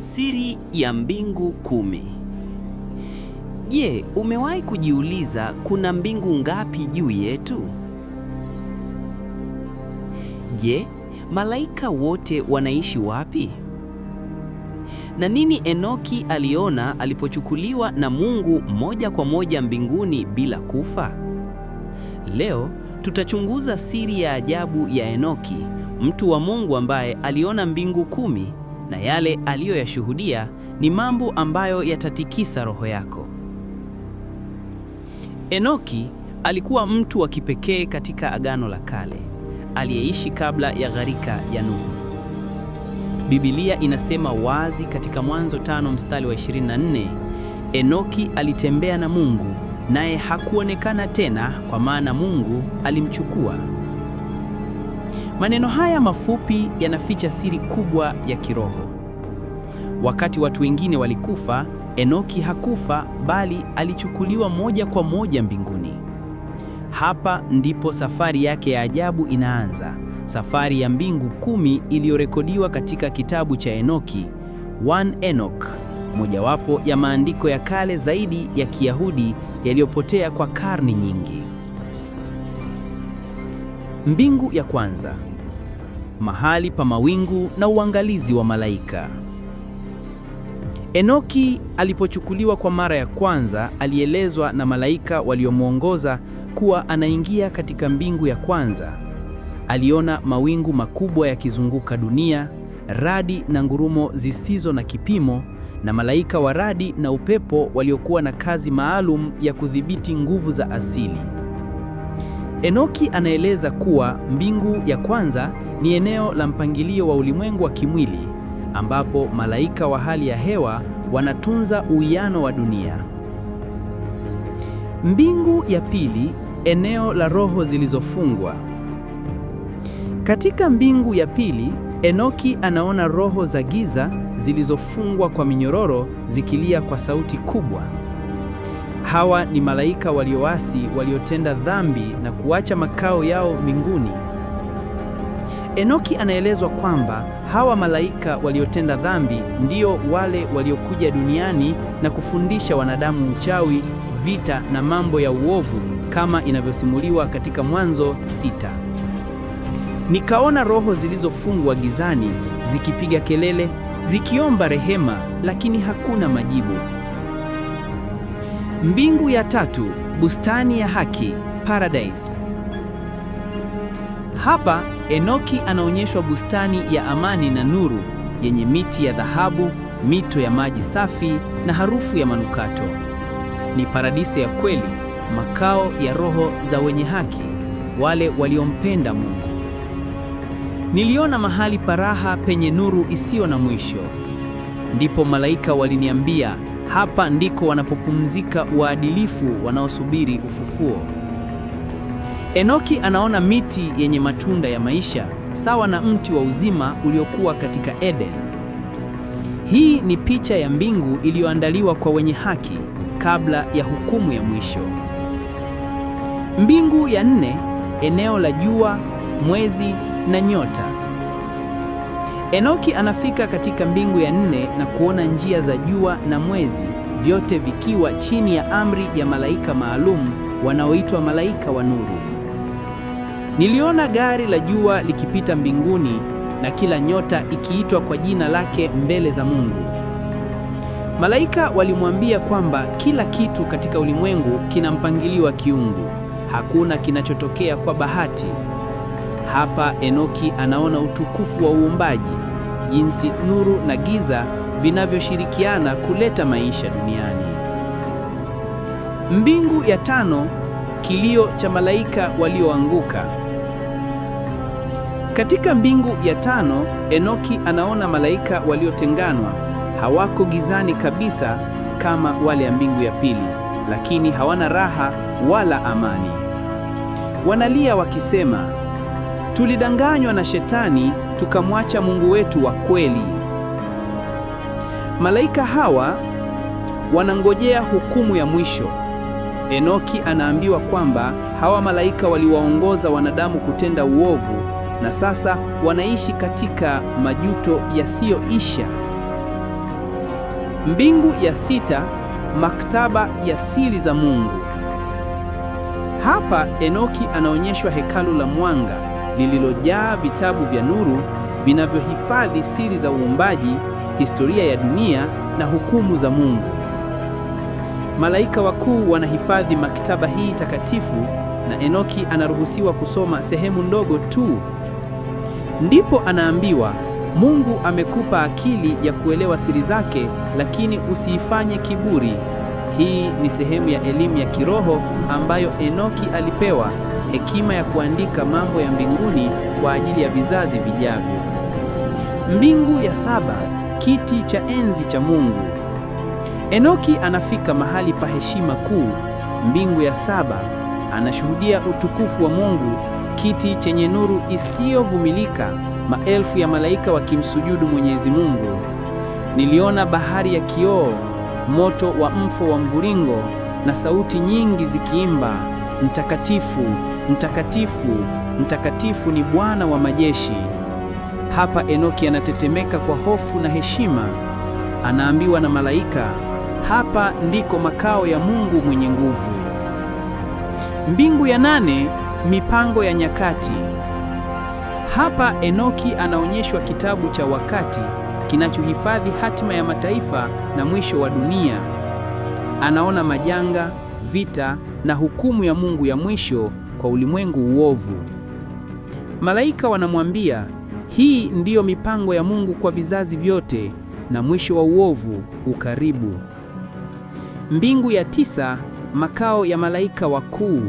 Siri ya mbingu kumi. Je, umewahi kujiuliza kuna mbingu ngapi juu yetu? Je, malaika wote wanaishi wapi? Na nini Enoki aliona alipochukuliwa na Mungu moja kwa moja mbinguni bila kufa? Leo tutachunguza siri ya ajabu ya Enoki, mtu wa Mungu ambaye aliona mbingu kumi na yale aliyoyashuhudia ni mambo ambayo yatatikisa roho yako. Enoki alikuwa mtu wa kipekee katika Agano la Kale, aliyeishi kabla ya gharika ya Nuhu. Biblia inasema wazi katika Mwanzo tano mstari wa 24, Enoki alitembea na Mungu naye hakuonekana tena, kwa maana Mungu alimchukua. Maneno haya mafupi yanaficha siri kubwa ya kiroho. Wakati watu wengine walikufa, Enoki hakufa bali alichukuliwa moja kwa moja mbinguni. Hapa ndipo safari yake ya ajabu inaanza, safari ya mbingu kumi iliyorekodiwa katika kitabu cha Enoki, One Enoch, mojawapo ya maandiko ya kale zaidi ya Kiyahudi yaliyopotea kwa karne nyingi. Mbingu ya kwanza mahali pa mawingu na uangalizi wa malaika. Enoki alipochukuliwa kwa mara ya kwanza, alielezwa na malaika waliomwongoza kuwa anaingia katika mbingu ya kwanza. Aliona mawingu makubwa yakizunguka dunia, radi na ngurumo zisizo na kipimo, na malaika wa radi na upepo waliokuwa na kazi maalum ya kudhibiti nguvu za asili. Enoki anaeleza kuwa mbingu ya kwanza ni eneo la mpangilio wa ulimwengu wa kimwili ambapo malaika wa hali ya hewa wanatunza uwiano wa dunia. Mbingu ya pili, eneo la roho zilizofungwa. Katika mbingu ya pili, Enoki anaona roho za giza zilizofungwa kwa minyororo zikilia kwa sauti kubwa. Hawa ni malaika walioasi waliotenda dhambi na kuacha makao yao mbinguni. Enoki anaelezwa kwamba hawa malaika waliotenda dhambi ndio wale waliokuja duniani na kufundisha wanadamu uchawi, vita na mambo ya uovu kama inavyosimuliwa katika Mwanzo sita. Nikaona roho zilizofungwa gizani zikipiga kelele, zikiomba rehema, lakini hakuna majibu. Mbingu ya tatu, bustani ya haki, paradise. Hapa Enoki anaonyeshwa bustani ya amani na nuru yenye miti ya dhahabu, mito ya maji safi na harufu ya manukato. Ni paradiso ya kweli, makao ya roho za wenye haki, wale waliompenda Mungu. Niliona mahali paraha penye nuru isiyo na mwisho. Ndipo malaika waliniambia, hapa ndiko wanapopumzika waadilifu wanaosubiri ufufuo. Enoki anaona miti yenye matunda ya maisha sawa na mti wa uzima uliokuwa katika Eden. Hii ni picha ya mbingu iliyoandaliwa kwa wenye haki kabla ya hukumu ya mwisho. Mbingu ya nne, eneo la jua, mwezi na nyota. Enoki anafika katika mbingu ya nne na kuona njia za jua na mwezi, vyote vikiwa chini ya amri ya malaika maalum wanaoitwa malaika wa nuru. Niliona gari la jua likipita mbinguni na kila nyota ikiitwa kwa jina lake mbele za Mungu. Malaika walimwambia kwamba kila kitu katika ulimwengu kina mpangilio wa kiungu. Hakuna kinachotokea kwa bahati. Hapa Enoki anaona utukufu wa uumbaji, jinsi nuru na giza vinavyoshirikiana kuleta maisha duniani. Mbingu ya tano, kilio cha malaika walioanguka. Katika mbingu ya tano, Enoki anaona malaika waliotenganwa. Hawako gizani kabisa kama wale ya mbingu ya pili, lakini hawana raha wala amani. Wanalia wakisema, tulidanganywa na Shetani tukamwacha Mungu wetu wa kweli. Malaika hawa wanangojea hukumu ya mwisho. Enoki anaambiwa kwamba hawa malaika waliwaongoza wanadamu kutenda uovu na sasa wanaishi katika majuto yasiyoisha. Mbingu ya sita, maktaba ya siri za Mungu. Hapa Enoki anaonyeshwa hekalu la mwanga lililojaa vitabu vya nuru vinavyohifadhi siri za uumbaji, historia ya dunia na hukumu za Mungu. Malaika wakuu wanahifadhi maktaba hii takatifu na Enoki anaruhusiwa kusoma sehemu ndogo tu. Ndipo anaambiwa Mungu amekupa akili ya kuelewa siri zake, lakini usiifanye kiburi. Hii ni sehemu ya elimu ya kiroho ambayo Enoki alipewa, hekima ya kuandika mambo ya mbinguni kwa ajili ya vizazi vijavyo. Mbingu ya saba, kiti cha enzi cha Mungu. Enoki anafika mahali pa heshima kuu, mbingu ya saba, anashuhudia utukufu wa Mungu kiti chenye nuru isiyovumilika, maelfu ya malaika wakimsujudu Mwenyezi Mungu. Niliona bahari ya kioo, moto wa mfo wa mviringo na sauti nyingi zikiimba, mtakatifu, mtakatifu, mtakatifu ni Bwana wa majeshi. Hapa Enoki anatetemeka kwa hofu na heshima. Anaambiwa na malaika, hapa ndiko makao ya Mungu mwenye nguvu. Mbingu ya nane Mipango ya nyakati. Hapa Enoki anaonyeshwa kitabu cha wakati kinachohifadhi hatima ya mataifa na mwisho wa dunia. Anaona majanga, vita na hukumu ya Mungu ya mwisho kwa ulimwengu uovu. Malaika wanamwambia, hii ndiyo mipango ya Mungu kwa vizazi vyote na mwisho wa uovu ukaribu. Mbingu ya tisa, makao ya malaika wakuu.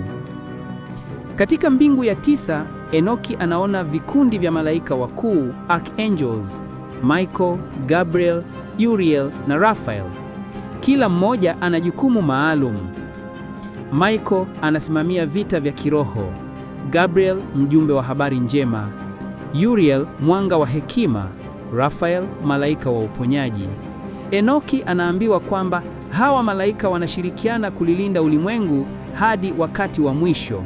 Katika mbingu ya tisa, Enoki anaona vikundi vya malaika wakuu, archangels, Michael, Gabriel, Uriel na Raphael. Kila mmoja ana jukumu maalum. Michael anasimamia vita vya kiroho, Gabriel mjumbe wa habari njema, Uriel mwanga wa hekima, Raphael malaika wa uponyaji. Enoki anaambiwa kwamba hawa malaika wanashirikiana kulilinda ulimwengu hadi wakati wa mwisho.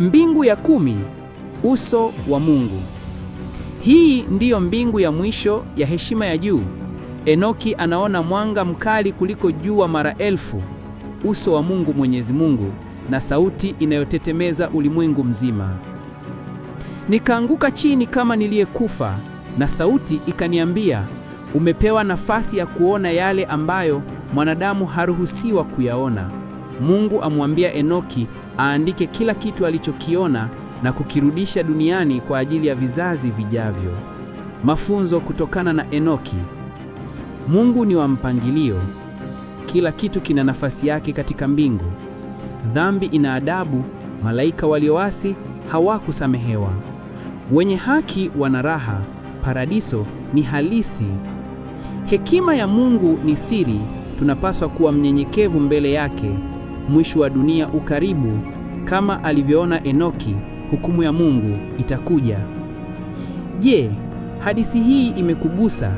Mbingu ya kumi, uso wa Mungu. Hii ndiyo mbingu ya mwisho ya heshima ya juu. Enoki anaona mwanga mkali kuliko jua mara elfu, uso wa Mungu Mwenyezi Mungu, na sauti inayotetemeza ulimwengu mzima. Nikaanguka chini kama niliyekufa, na sauti ikaniambia, umepewa nafasi ya kuona yale ambayo mwanadamu haruhusiwa kuyaona. Mungu amwambia Enoki aandike kila kitu alichokiona na kukirudisha duniani kwa ajili ya vizazi vijavyo. Mafunzo kutokana na Enoki: Mungu ni wa mpangilio, kila kitu kina nafasi yake katika mbingu. Dhambi ina adabu, malaika walioasi hawakusamehewa. Wenye haki wana raha, paradiso ni halisi. Hekima ya Mungu ni siri, tunapaswa kuwa mnyenyekevu mbele yake mwisho wa dunia ukaribu. Kama alivyoona Enoki, hukumu ya Mungu itakuja. Je, hadithi hii imekugusa?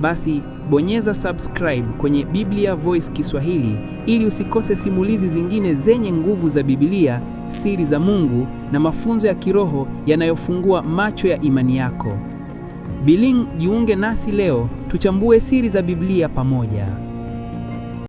Basi bonyeza subscribe kwenye Biblia Voice Kiswahili ili usikose simulizi zingine zenye nguvu za Biblia, siri za Mungu na mafunzo ya kiroho yanayofungua macho ya imani yako. Biling, jiunge nasi leo tuchambue siri za Biblia pamoja.